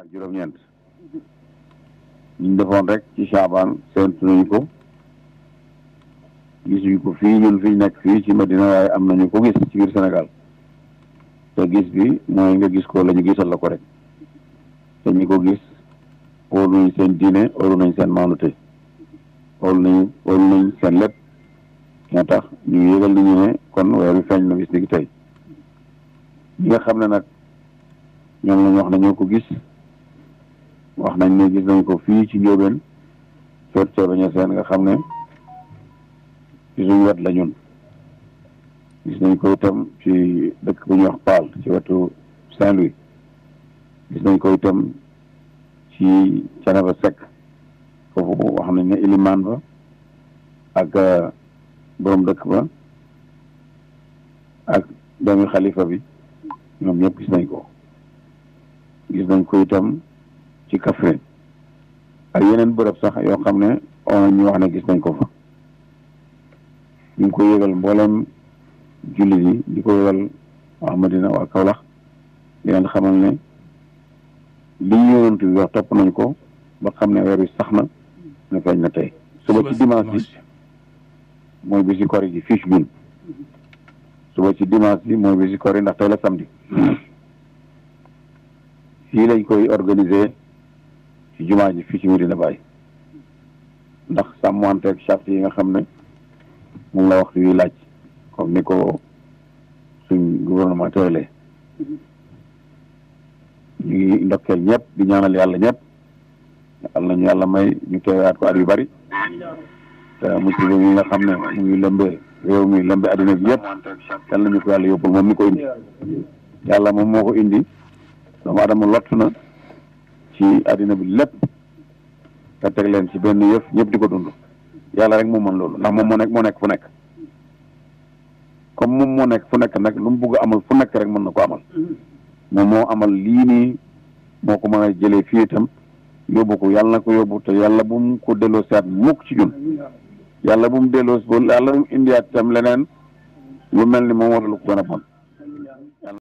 ak juróom-ñeent ñu defoon rek ci Saabaan séntu nañu ko gisuñu ko fii ñun fi nekk fii ci Madina waaye am nañu ko gis ci biir Sénégal te gis bi mooy nga gis ko la ñu gisal la ko rek te ñi ko gis xool nañ seen diine xool nañ seen maanute xool nañ seen lépp moo tax ñu yëgal li ñu ne kon weer wi feeñ na gis ni tey ñi nga xam ne nag ñoom lañ wax ne ko gis wax nañ ne gis nañ ko fii ci njóobeen kër Ceeba Ñaseen nga xam ne ci suñ wet la gis nañ ko itam ci dëkk bu ñuy wax Paal ci wetu Saint-Louis gis nañ ko itam ci Canaba Seck foofu wax nañ ne ilimaan ba ak euh, borom dëkk ba ak doomi xalifa bi ñoom ñëpp gis nañ ko gis nañ ko itam ci Kaffrine ak yeneen bërëb sax yoo xam ne on ñu wax ne gis nañ ko fa ñu ngi ko yëgal mboolem jullit yi di koy yëgal waa Madina waa Kawlax di xamal ne li yonent bi topp nañ ko ba xam ne weer wi sax na ne feeñ na tey suba ci dimanche bi mooy bi si kor yi fiche suba ci dimanche bi mooy bi si ndax tey la samedi fii lañ koy organiser jumaa ji fii ci Medina Baye ndax sàmmanteeg charte yi nga xam ne moom la waxtu wi laaj comme ni ko suñ gouvernement tëralee ñu ngi ndokkeel ñëpp di ñaanal yàlla ñëpp am nañu yàlla may ñu teewaat ko at yu bari te musiba yi nga xam ne mu ngi lëmbee réew mi lëmbe adduna bi yëpp yal nañu ko yàlla yóbbul moom mi ko indi yàlla moom moo ko indi doomu adama lott na ci àddina bi lépp te teg leen ci benn yëf ñëpp di ko dund yàlla rek moo mën loolu ndax moom moo nekk moo nekk fu nekk comme moom moo nekk fu nekk nag lu mu bugg a amal fu nekk rek mën na ko amal moom moo amal lii nii moo ko mën a jëlee fii itam yóbbu ko yàlla na ko yóbbu te yàlla bu mu ko delloo seet mukk ci ñun yàlla bu mu delloo yàlla bu mu indiwaat itam leneen lu mel ni moom war lu ko gën a bon